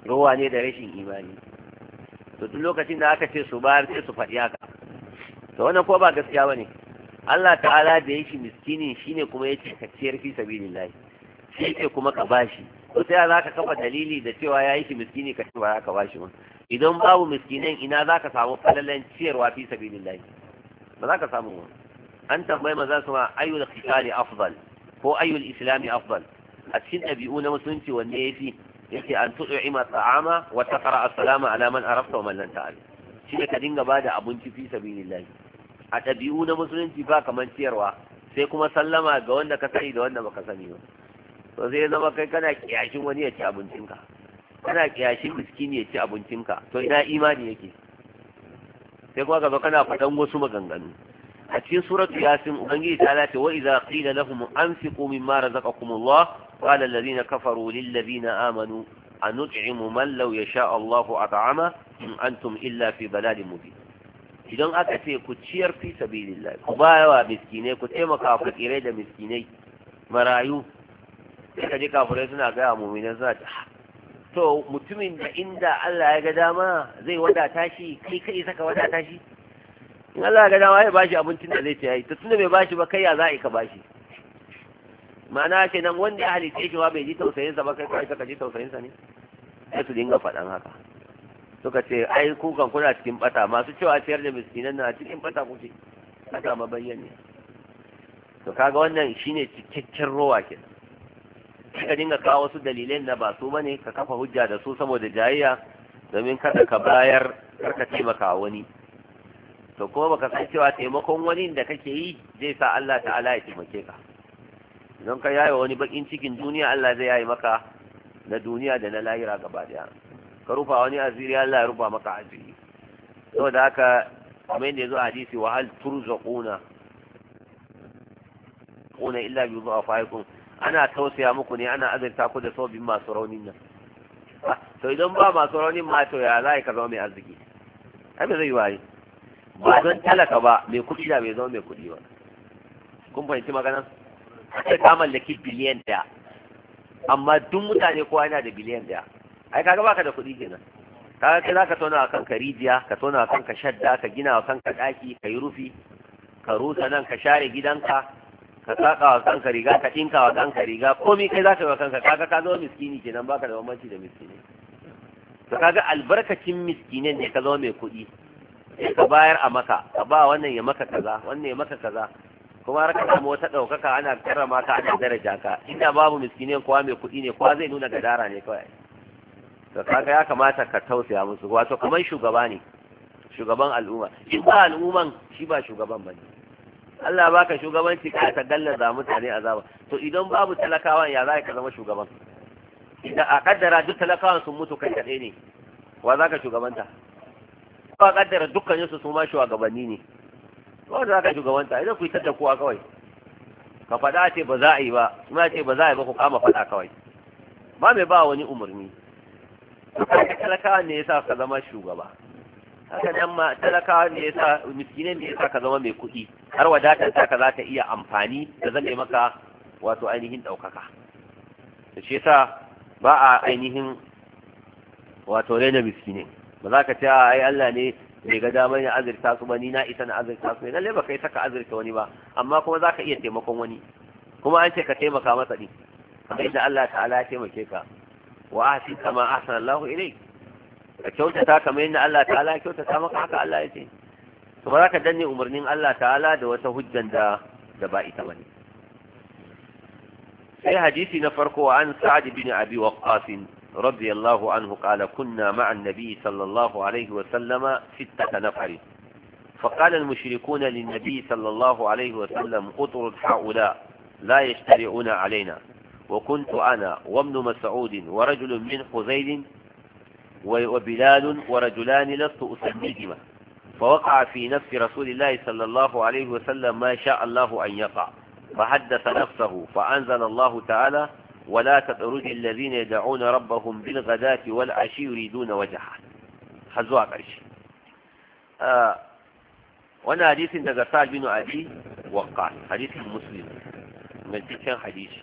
rowa ne da rashin imani to duk lokacin da aka ce su bayar sai su faɗi haka to wannan ko ba gaskiya bane Allah ta'ala da ya shi miskinin shine kuma ya ce ka ciyar fi sabilillahi shi ce kuma ka bashi to sai za ka kafa dalili da cewa ya yi shi miskini ka ce ba za ka bashi ba idan babu miskinan ina za ka samu falalan ciyarwa fi sabilillahi ba za ka samu ba an tambayi maza su ma ayyul qitali afdal ko ayyul islami afdal a cikin ɗabi'u na musulunci wanne ya fi yake an tu'ima ta'ama wa taqra as-salama ala man arafta wa man lam ta'rif shine ka dinga bada abinci fi sabilillah a ɗabi'u na musulunci ba kamar ciyarwa sai kuma sallama ga wanda ka sani da wanda baka sani ba to sai ya zama kai kana kiyashin wani ya ci abincinka kana kiyashin miskini ya ci abincinka to ina imani yake sai kuma ka zo kana faɗan wasu maganganu a cikin suratu yasin ubangiji ta lati wa idza qila lahum anfiqu mimma razaqakumullah قال الذين كفروا للذين آمنوا أنطعم من لو يشاء الله أطعمه إن أنتم إلا في ضلال مبين idan aka ce ku ciyar fi sabilillah ku bayawa miskinai ku taimaka fakirai da miskinai marayu sai ka suna to mutumin da inda Allah ya ga dama zai wadata shi kai kai saka wadata shi in Allah ya ga dama ya bashi abincin da zai ci yi, to tunda bai bashi ba kai ya za a yi ka bashi ma'ana ce nan wanda ya halitta shi bai ji tausayinsa ba kai kai ka ji tausayinsa ne sai su dinga faɗan haka suka ce ai kukan kuna cikin bata masu cewa ciyar da miskinan na cikin bata kuke haka ma bayyane to kaga wannan shine cikakken rowa kenan ka dinga kawo wasu dalilai na ba su bane ka kafa hujja da su saboda jayayya domin kada ka bayar kar ka taimaka wani to kuma baka san cewa taimakon wani da kake yi zai sa Allah ta'ala ya taimake ka idan ka yaye wani bakin cikin duniya Allah zai yaye maka na duniya da na lahira gaba daya ka rufa wani asiri Allah ya rufa maka asiri saboda haka kamar yadda yazo hadisi wa hal turzaquna kuna illa bi dhafaikum ana tausaya muku ne ana azurta ku da sabbin masu raunin nan to idan ba masu raunin ma to ya zai ka zama mai arziki ai zai waye ba don talaka ba mai kuɗi da mai zama mai kuɗi ba kun fahimci magana sai ka mallaki biliyan daya amma duk mutane kowa yana da biliyan daya ai kaga baka da kuɗi kenan kaga kai zaka tona akan ka rijiya ka tona akan ka shadda ka gina akan ka daki ka yi rufi ka rusa nan ka share gidanka ka saka wa kanka riga ka dinka wa kanka riga komi kai zaka yi wa kanka kaga ka zama miskini kenan baka da bambanci da miskini to kaga albarkacin miskinin ne ka zama mai kuɗi ka bayar a maka ka ba wannan ya maka kaza wannan ya maka kaza kuma har ka samu wata ɗaukaka ana karrama ka ana daraja ka inda babu miskinin kuwa mai kuɗi ne kuwa zai nuna gadara ne kawai to kaga ya kamata ka tausaya musu wato kamar shugaba ne shugaban al'umma in ba al'umman shi ba shugaban bane Allah baka shugabanci ka ta gallaza mutane azaba to idan babu talakawan ya za ka zama shugaban idan a kaddara duk talakawan sun mutu kai kadai ne wa za ka shugabanta ba a kaddara dukkaninsu su ma shugabanni ne wanda za ka shugabanta idan ku yi tattar kowa kawai ka faɗa ce ba za a yi ba kuma ce ba za a yi ba ku kama faɗa kawai ba mai ba wani umarni talakawa ne yasa ka zama shugaba haka nan ma talakawa ne yasa miskine ne yasa ka zama mai kuɗi har wadatar ta ka za ta iya amfani da zame maka wato ainihin ɗaukaka da shi yasa ba a ainihin wato raina miskine ba za ka ce ai Allah ne bai ga damar ya azurta su ba ni na isa na azurta su ne lalle ba kai saka azurta wani ba amma kuma za ka iya taimakon wani kuma an ce ka taimaka masa din kamar da Allah ta'ala ya taimake ka wa ahsin kama ahsana Allah ilai ka kyautata kamar yadda Allah ta'ala ya kyautata maka haka Allah ya ce to ba za ka danne umarnin Allah ta'ala da wata hujjan da da ba ita bane sai hadisi na farko an sa'ad bin abi waqqas رضي الله عنه قال كنا مع النبي صلى الله عليه وسلم ستة نفر فقال المشركون للنبي صلى الله عليه وسلم اطرد هؤلاء لا يشترئون علينا وكنت أنا وابن مسعود ورجل من خزيل وبلال ورجلان لست أسميهما فوقع في نفس رسول الله صلى الله عليه وسلم ما شاء الله أن يقع فحدث نفسه فأنزل الله تعالى ولا تطرد الذين يدعون ربهم بالغداة والعشي يريدون وجهه حزوا قرش وانا حديث daga Sa'd bin Abi Waqqas حديث مسلم من cikin hadisi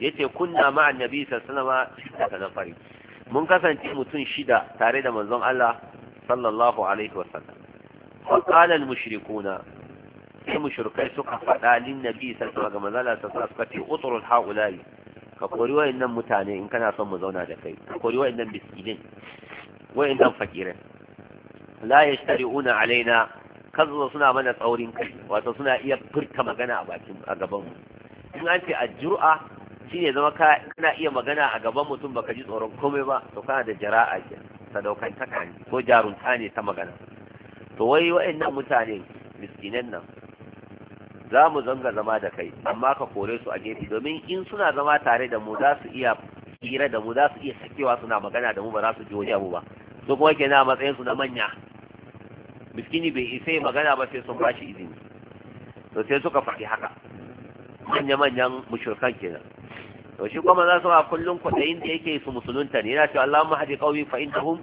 yace kunna ma annabi sallallahu alaihi na fari mun kasance mutum shida tare da manzon Allah sallallahu alaihi wasallam wa qala al mushrikuna sai mushrikai suka faɗa lin nabi sallallahu alaihi wasallam ga manzon Allah sallallahu alaihi suka ce utrul haula'i ka kori wayannan mutane in kana son mu zauna da kai ka kori wayannan biskinin wayannan fakirin la yashtari'una alaina kazo suna mana tsaurin kai wato suna iya furta magana a bakin a gaban mu in an ce ajru'a shine zama ka kana iya magana a gaban mutum baka ji tsoron komai ba to kana da jara'a ke sadaukantaka ne ko jarunta ne ta magana to wai wayannan mutane miskinan nan za mu zanga zama da kai amma ka kore su a gefe domin in suna zama tare da mu za su iya hira da mu za su iya sakewa suna magana da mu ba za su ji wani abu ba su kuma ke na matsayin su na manya miskini bai isa magana ba sai sun ba shi izini to sai suka faɗi haka manya manyan mushrikan kenan to shi kuma za su ba kullun kwaɗayin da yake su musulunta ne yana cewa Allahumma hadi qaumi fa innahum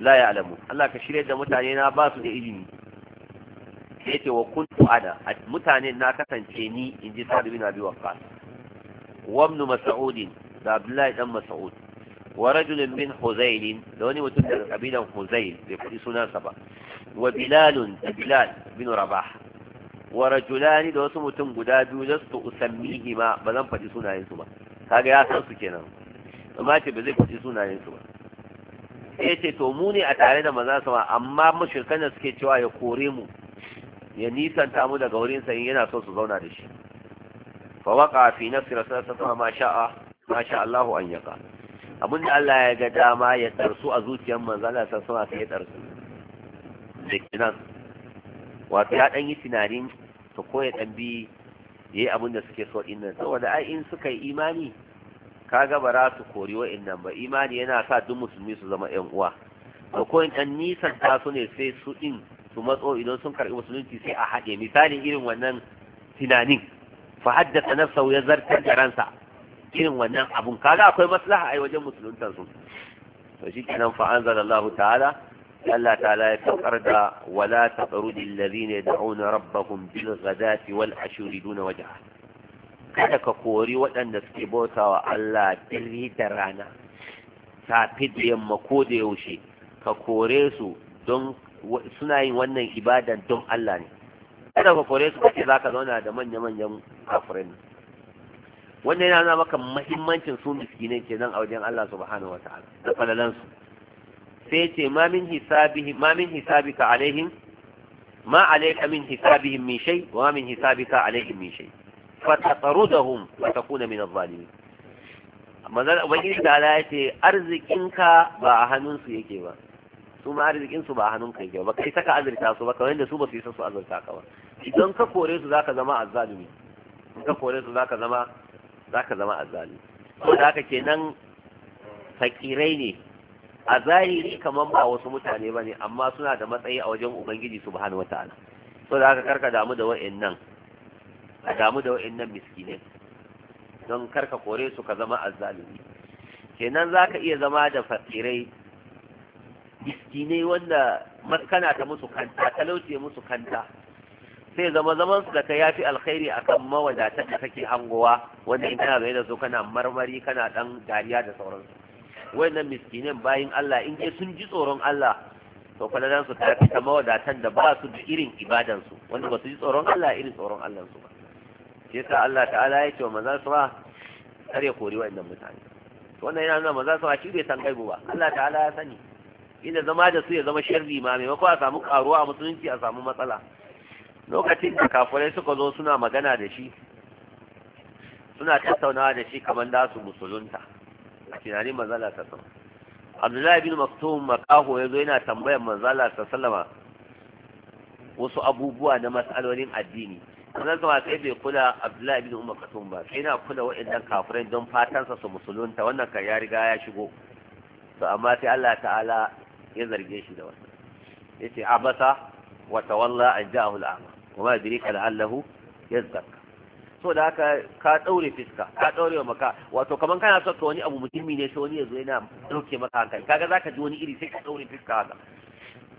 la ya'lamu Allah ka shirye da mutane na ba su da ilimi yake wa kuntu ana mutane na kasance ni in ji dubi na biyu wakka wa ibn mas'ud da abdullahi dan mas'ud wa rajul min huzail da wani mutum daga kabilan huzail bai faɗi sunansa ba wa bilal da bilal bin rabah wa rajulani da wasu mutum guda biyu lastu hima ba zan faɗi sunayensu ba kaga ya san su kenan amma ce ba zai faɗi sunayensu ba sai ce to mu ne a tare da maza sama amma mashirkan da suke cewa ya kore mu ya nisanta mu daga wurin sa yana so su zauna da shi fa waqa fi nafsi rasulullahi ma sha'a ma sha Allahu an yaka abin da Allah ya ga dama ya tarsu a zuciyar manzo Allah sai sama sai ya tarsu dikinan wato ya dan yi tunanin to ko ya dan bi yayi abin da suke so din nan saboda ai in suka yi imani kaga ba za su kori wa'annan ba imani yana sa duk musulmi su zama yan uwa to ko in dan nisan ta su ne sai su din su matso idan sun karbi musulunci sai a haɗe misalin irin wannan tunanin fa haddasa nafsahu ya zartar da ransa irin wannan abun kaga akwai maslaha ai wajen musuluntar su to shikenan fa anzalallahu ta'ala Allah ta'ala ya saukar da wala taqrudu alladhina yad'una rabbahum bil ghadati wal ashuri duna wajha kada ka kori waɗanda suke wa Allah dare da rana safi da yamma ko da yaushe ka kore su don suna yin wannan ibadan don Allah ne ina ka kore su kake zaka zauna da manya manyan kafirai wannan yana maka muhimmancin su miskinai nan a wajen Allah subhanahu wataala da falalan su sai ce ma min hisabihi ma min hisabika alaihim ma alayka min hisabihim min shay wa min hisabika alaihim min shay fatatrudahum wa takuna min adh-dhalimin manzon ubangiji ta ala yace arzikinka ba a hannunsu yake ba su ma arzikin su ba hannun kai ba kai saka azurta su ba kawai da su ba su yi su azurta ka ba idan ka kore su zaka zama azzalumi idan ka kore su zaka zama zaka zama azzalumi ko da haka kenan fakirai ne a zahiri kamar ba wasu mutane ba ne amma suna da matsayi a wajen ubangiji su wata wataala so da haka karka damu da wa'annan a damu da wa'annan miskinai don karka kore su ka zama azzalumi kenan zaka iya zama da fakirai ne wanda kana ta musu kanta lauce musu kanta sai zama zaman su da ta yafi alkhairi akan mawadata da kake hangowa wanda in kana da su kana marmari kana dan dariya da sauransu wayannan miskinan bayin Allah in ke sun ji tsoron Allah to falalan su ta ta mawadatan da ba su da irin ibadan su wanda ba su ji tsoron Allah irin tsoron Allah su ba sai sa Allah ta'ala ya ce wa maza su ba kare kori wayannan mutane wannan yana nuna maza su ba shi bai san gaibu ba Allah ta'ala ya sani ina zama da su ya zama sharri ma maimakon a samu karuwa a musulunci a samu matsala lokacin da kafirai suka zo suna magana da shi suna tattaunawa da shi kamar da su musulunta a tunanin manzala ta sama abdullahi bin maktum makaho ya zo yana tambayar manzala ta sallama wasu abubuwa na matsalolin addini sannan kuma sai bai kula abdullahi bin umar katum ba sai na kula waɗannan kafirai don fatansa su musulunta wannan kan ya riga ya shigo to amma sai Allah ta'ala ya zarge shi da wannan ce abasa wa tawalla an ja'ahu al'ama kuma Allahu la'allahu yazakka so da haka ka daure fiska ka daure maka wato kaman kana so ka wani abu muhimmi ne sai wani yazo yana dauke maka hankali kaga zaka ji wani iri sai ka daure fiska haka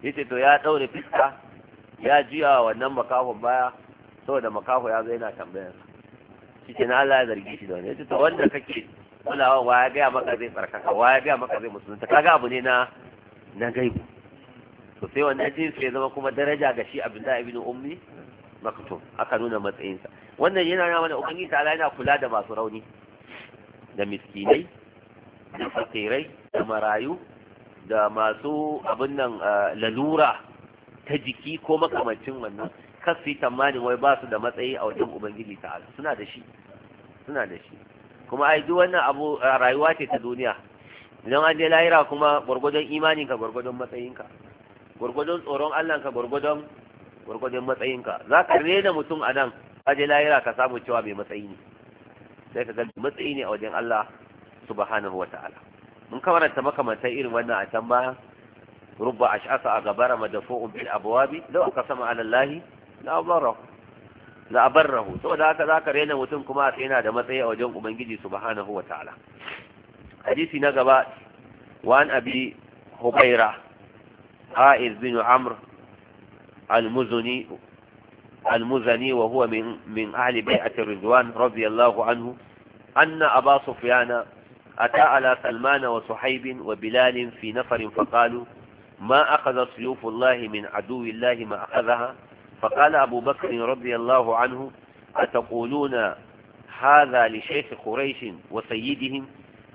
yace to ya daure fiska ya juya wannan makahon baya saboda makaho ya zo yana tambayar shi ke na Allah ya zargi shi da wani yace to wanda kake kulawa wa ya gaya maka zai tsarkaka wa ya gaya maka zai musulunta kaga abu ne na na gaibu to sai wannan jinsi ya zama kuma daraja ga shi abdullahi bin ummi maktum aka nuna matsayinsa wannan yana na mana ubangi ta yana kula da masu rauni da miskinai da fakirai da marayu da masu abin nan lalura ta jiki ko makamancin wannan kasu tamanin wai ba su da matsayi a wajen ubangiji Allah suna da shi suna da shi kuma ai duk wannan abu rayuwa ce ta duniya idan an je lahira kuma gwargwadon imaninka gwargwadon matsayinka gwargwadon tsoron allahnka gwargwadon gwargwadon matsayinka za ka rena mutum a nan ka je lahira ka samu cewa mai matsayi ne sai ka gani matsayi ne a wajen allah subhanahu wata'ala mun kamaranta makamantar irin wannan a can baya rubba sha'asa a gabara fo'un bil abwabi law aka sama alallahi allahi la abarahu la abarrahu saboda haka ka rena mutum kuma a tsina da matsayi a wajen ubangiji subhanahu wata'ala حديثي na وان وعن أبي هبيرة حائز بن عمرو المزني المزني وهو من من أهل بيعة الرضوان رضي الله عنه أن أبا سفيان أتى على سلمان وصحيب وبلال في نفر فقالوا ما أخذ سيوف الله من عدو الله ما أخذها فقال أبو بكر رضي الله عنه أتقولون هذا لشيخ قريش وسيدهم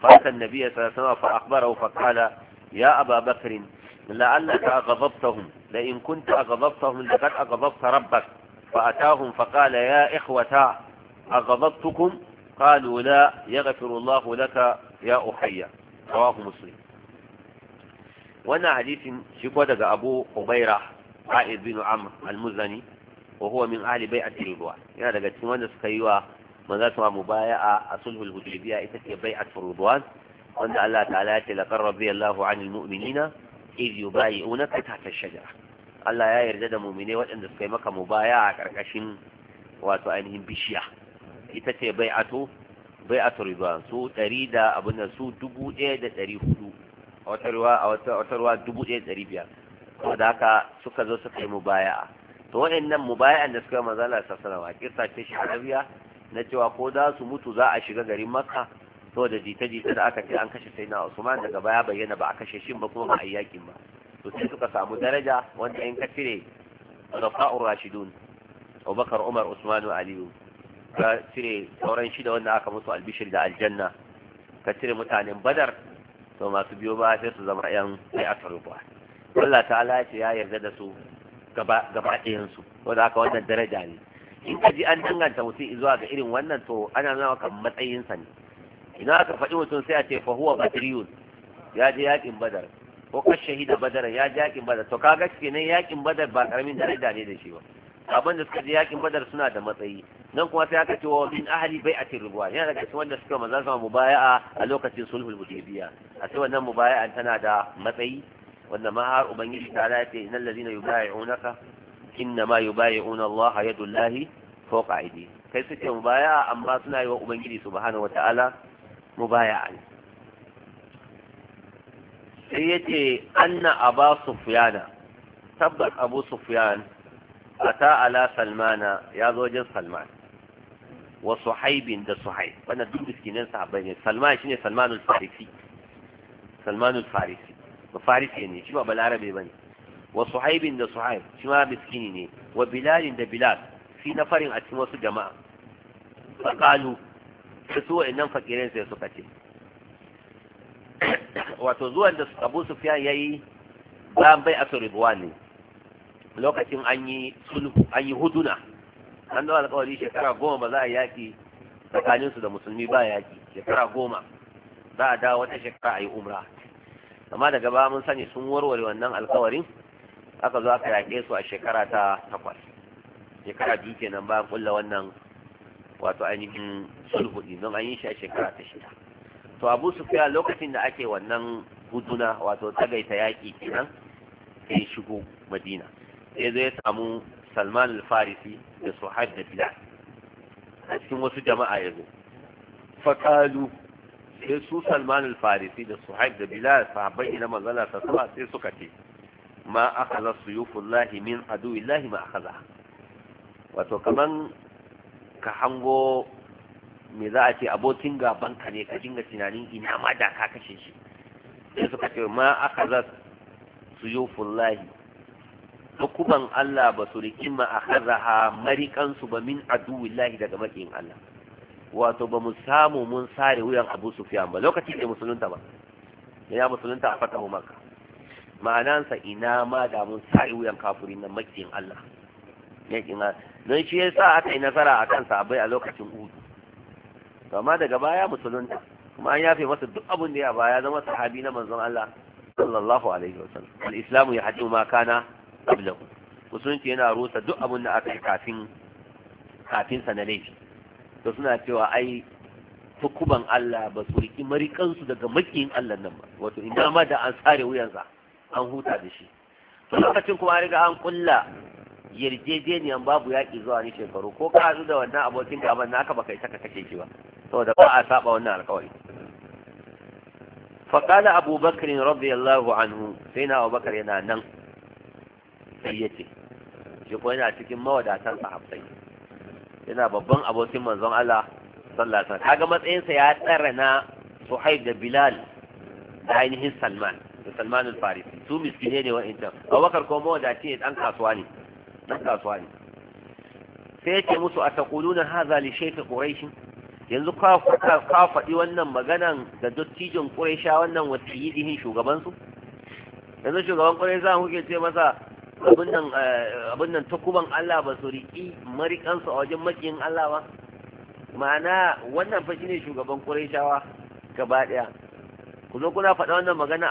فأتى النبي صلى الله عليه وسلم فأخبره فقال يا أبا بكر لعلك أغضبتهم لئن كنت أغضبتهم لقد أغضبت ربك فأتاهم فقال يا إخوة أغضبتكم قالوا لا يغفر الله لك يا أخي رواه مسلم وانا حديث شكوى دقى أبو أبيرة عائد بن عمرو المزني وهو من أهل بيعة الرضوان يعني دقى تنوانا سكيوا manzo sama mubaya'a a sulhul hudaybiya ita ce bai'at furudwan wanda Allah ta'ala ya ce laqad radiyallahu 'anil mu'minina idh yubayi'unaka tahta ash-shajara Allah ya yarda da mu'mine waɗanda suka yi maka mubaya'a a karkashin wato ainihin bishiya ita ce bai'atu bai'atu ridwan su 100 da abun nan su a zo suka yi mubaya'a to waɗannan mubaya'an da suka yi manzo Allah sallallahu a ce shi na cewa ko za su mutu za a shiga garin makka da jita-jita da aka ce an kashe sai na usman daga baya bayyana ba a kashe shin ba kuma ba a yakin ba to sai suka samu daraja wanda in ka cire rafa'ur rashidun abubakar umar usman aliyu ka cire sauran shida wanda aka mutu albishir da aljanna ka cire mutanen badar to masu biyo ba sai su zama yan sai a taruwa Allah ta'ala ya yarda da su gaba ɗayan su wanda aka wannan daraja ne in ka ji an danganta mutum zuwa ga irin wannan to ana nuna maka matsayinsa ne idan aka faɗi mutum sai a ce fa huwa ya je yaƙin badar ko kan shahida badar ya je yaƙin badar to kaga kenan yaƙin badar ba karamin daraja ne da shi ba abin da suka je yaƙin badar suna da matsayi nan kuma sai aka ce wa min ahli bai'atir ruwa. yana daga cikin wanda suka maza sama mubaya'a a lokacin sulhul hudaybiya a ce wannan mubaya'a tana da matsayi wanda ma har ubangiji ta ya ce innal ladina yubayi'unaka inna ma yubayi'una Allah yadullahi fawqa aydihim kai suke mubaya'a amma suna yi wa ubangiji subhanahu wata'ala mubaya'a ne sai yace anna aba sufyana tabbas abu sufyan ata ala salmana ya zo salman wa suhaibin da suhaib wannan duk miskinan sahabbai ne salman shine salmanul farisi ba ne ba wa suhaibin da suhaib shi miskini ne wa bilalin da bilal fi na farin a cikin wasu jama'a faƙalu da su wa'annan fakirin sai suka ce wato zuwan da abu sufiyan ya yi bayan a suribuwa ne lokacin an yi sulhu an huduna an zama alƙawari shekara goma ba za a yaƙi tsakaninsu da musulmi ba yaki. shekara goma za a dawo wata shekara a yi umra amma da ba mun sani sun warware wannan alƙawarin aka zo aka yaƙe su a shekara ta takwas shekara biyu kenan bayan kulla wannan wato ainihin sulhu don an yi shi a shekara ta shida to abu fiya lokacin da ake wannan huduna wato tagaita yaƙi kenan ke shigo madina sai zai samu salman al-farisi da su da bilal a cikin wasu jama'a ya zo fakalu sai su salman al-farisi da su da bilal sahabbai na manzala ta sama sai suka ce ma akhadha suyufullahi min aduwillahi ma akhadha wato kaman ka hango me za a ce abokin gaban ka ne ka dinga tunanin ina ma da ka kashe shi sai suka ce ma akhadha suyufullahi hukuman Allah ba su riki ma ha marikan su ba min aduwillahi daga makin Allah wato ba mu samu mun sare wuyan Abu Sufyan ba lokacin da musulunta ba ya musulunta a fatahu Makka ma'anansa ina ma da mun sa'i wuyan kafirin nan makin Allah yakin don shi ya sa aka yi nasara a kan sabai a lokacin udu amma daga baya musulunta kuma an yafe masa duk abin da ya baya zama sahabi na manzon Allah sallallahu alaihi wasallam al-islamu yahdu ma kana qablahu musulunci yana rusa duk abin da aka yi kafin kafin sa na laifi to suna cewa ai hukuman Allah ba su riki marikansu daga makin Allah nan ba wato ina ma da an sare wuyansa an huta da shi to lokacin kuma riga an kulla yarjejeniyan babu yaƙi zuwa ni shekaru ko ka haɗu da wannan abokin gaban naka baka isa ka kashe shi ba saboda ba a saba wannan alƙawari فقال أبو بكر رضي الله Anhu, sai na Abubakar yana nan sai ya shi ko yana cikin mawadatan sahabbai yana babban abokin manzon Allah sallallahu alaihi wasallam kaga matsayinsa ya tsara na Suhaib da Bilal da ainihin Salman da Salman al su miskine ne wa'ancan Abubakar ko mawadaci ne dan kasuwa ne dan kasuwa ne sai yake musu a taquluna hadha li shaykh quraish yanzu ka faɗi wannan maganan da dottijin quraisha wannan wasiyidihin shugaban shugabansu. yanzu shugaban quraisha kuke ce masa abin nan eh, abin nan takuban Allah ba su riki marikansu a wajen makiyin Allah ba ma'ana wannan fashi ne shugaban quraishawa gaba daya ku zo kuna faɗa wannan magana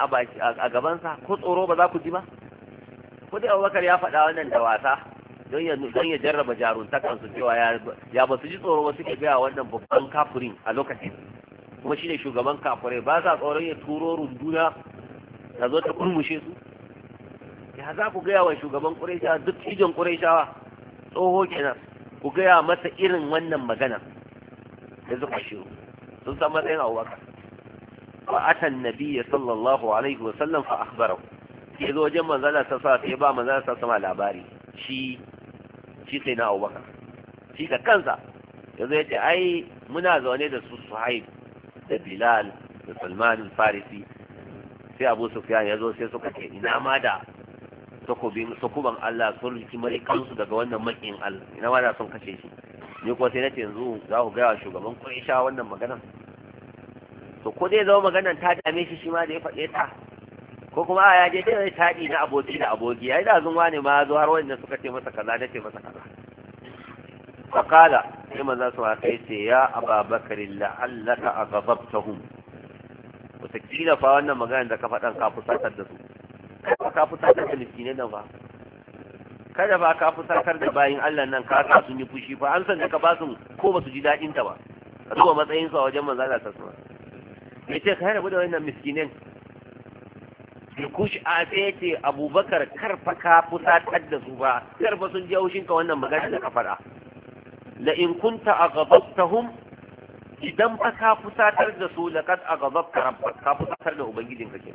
a gabansa ko tsoro ba za ku ji ba ko dai abubakar ya faɗa wannan da wasa don ya don ya jarraba jaruntakan su cewa ya ya ba su ji tsoro ba suke gaya wannan babban kafirin a lokacin kuma shine shugaban kafirai ba sa tsoron ya turo runduna ta zo ta kurmushe su ya za ku gaya wa shugaban ƙuraishawa duk cijin ƙuraishawa tsoho kenan ku gaya masa irin wannan magana da suka shiru sun san matsayin abubakar fa atan nabiyya sallallahu alaihi wa sallam fa akhbarahu sai wajen manzala ta sa sai ba manzala ta sama labari shi shi sai na Abubakar shi da kansa yanzu ya ce muna zaune da su Suhaib da Bilal da Salman al-Farisi sai Abu Sufyan sai suka ce ina ma da takuban Allah sun riki malikansu daga wannan makin Allah ina ma da sun ni kuwa sai na ce yanzu za ku gaya wa shugaban Quraisha wannan magana to ko zai zama maganan ta dame shi shi ma da ya faɗe ta ko kuma a yaje dai zai taɗi na aboki da aboki yayi da zuwa ne ma zo har wanda suka ce masa kaza da ce masa kaza fakala sai manzo su haka yace ya ababakar la'allaka aghadabtahum wataƙila fa wannan maganar da ka faɗan ka fusatar da su kada ka fusatar da miskinai nan ba kada ba ka fusatar da bayin Allah nan ka sa sun yi fushi fa an san da ka ba su ko ba su ji daɗin ta ba a duba matsayin su a wajen manzo Allah sallallahu alaihi wasallam Mai ce ka rabu da wannan miskinin kush a tsaye ce abubakar karfa ka fusatar da su ba karfa sun ji haushin ka wannan magana da kafara la in kunta a aghabtahum idan ba ka fusatar da su laqad a rabbak ka fusatar da ubangijin ka ke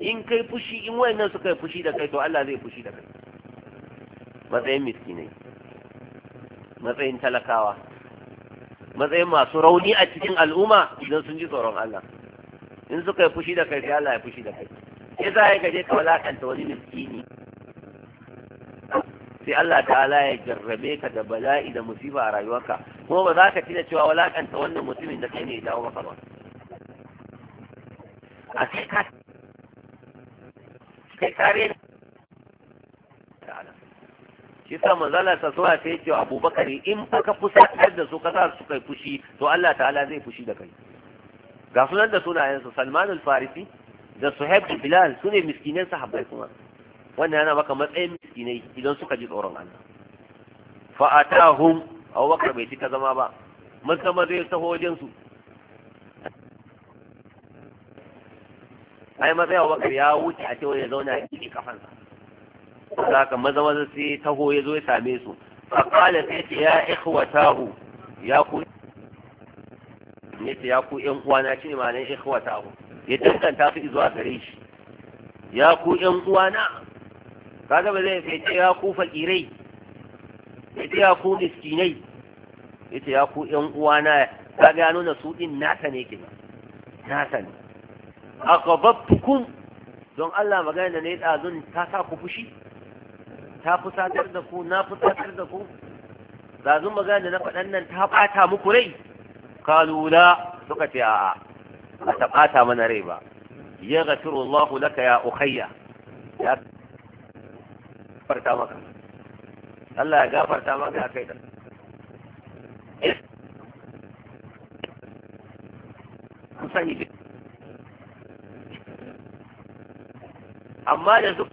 in kai fushi in wayannan su kai fushi da kai to Allah zai fushi da kai matsayin miskinai matsayin talakawa matsayin masu rauni a cikin al'umma idan sun ji tsoron Allah in suka yi fushi da kai sai Allah ya fushi da kai sai za ka je ka walakanta wani miskini sai Allah ta'ala ya jarrabe ka da bala'i da musiba a rayuwarka kuma ba za ka tina cewa walakanta wannan mutumin da kai ne ya dawo maka ba a kai kare ta'ala shi sa manzala ta zuwa sai yake abubakar in fa fusa fusatar da su ka sa su kai fushi to Allah ta'ala zai fushi da kai ga sunan da sunayen su Salman al-Farisi da Suhaib da Bilal su ne miskinan sahabbai kuma wannan yana maka matsayin miskinai idan suka ji tsoron Allah fa atahum bakar bai cika zama ba musamman zai taho wajen su ai matsayin Abubakar ya wuce a cewa ya zauna a cikin kafansa saka maza maza sai taho ya zo ya same su faqala sai ce ya ikhwatahu ya ku yace ya ku 'yan uwana shine ma'anar ikhwatahu ya danganta su zuwa gare shi ya ku 'yan uwana ga ba zai sai ce ya ku fakirai yace ya ku miskinai yace ya ku 'yan uwana ta ya nuna su din nasa ne kina nasa ne aqabtukum don Allah magana da ne ɗazun ta sa ku fushi ta fusatar da ku na fusatar da ku zun magana na faɗan nan ta ɓata muku rai kalula suka ce a'a a ta ɓata mana rai ba ya gafiru Allah laka ya ukhayya ya farta maka Allah ya gafarta maka kai da sani amma da su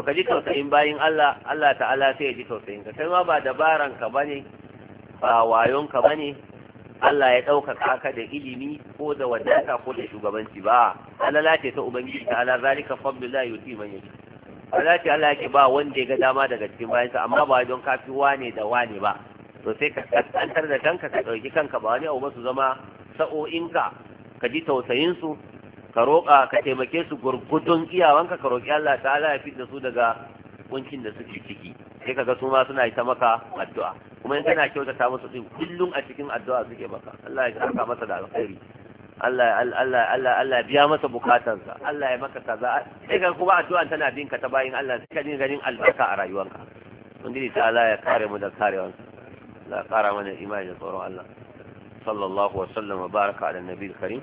to ka ji tausayin bayin Allah ta'ala sai ya ji tausayin ka sai ma ba dabaran ka bane ba wayon ka bane Allah ya ɗaukaka ka da ilimi ko da wadata ko da shugabanci ba Allah ce ta ubangiji ta ala zalika fadlullah yuti man yashi Allah ce Allah yake ba wanda ya ga dama daga cikin bayansa amma ba don kafi wane da wane ba to sai ka kaskantar da kanka ka ɗauki kanka ba wani abu ba su zama sa'o'inka ka ji tausayin su ka roƙa ka taimake su gurgudun iyawanka ka roƙi Allah ta'ala ya fitna su daga kuncin da suke ciki sai kaga su ma suna yi ta maka addu'a kuma in kana kyautata musu din kullum a cikin addu'a suke maka Allah ya saka masa da alkhairi Allah Allah Allah Allah biya masa bukatansa Allah ya maka kaza sai ka kuma addu'a tana bin ka ta bayin Allah sai ka ganin albarka a rayuwanka ubangiji ta'ala ya kare mu da karewansa Allah ya kara mana imani da tsoron Allah sallallahu wa sallam sallama baraka ala nabiyil karim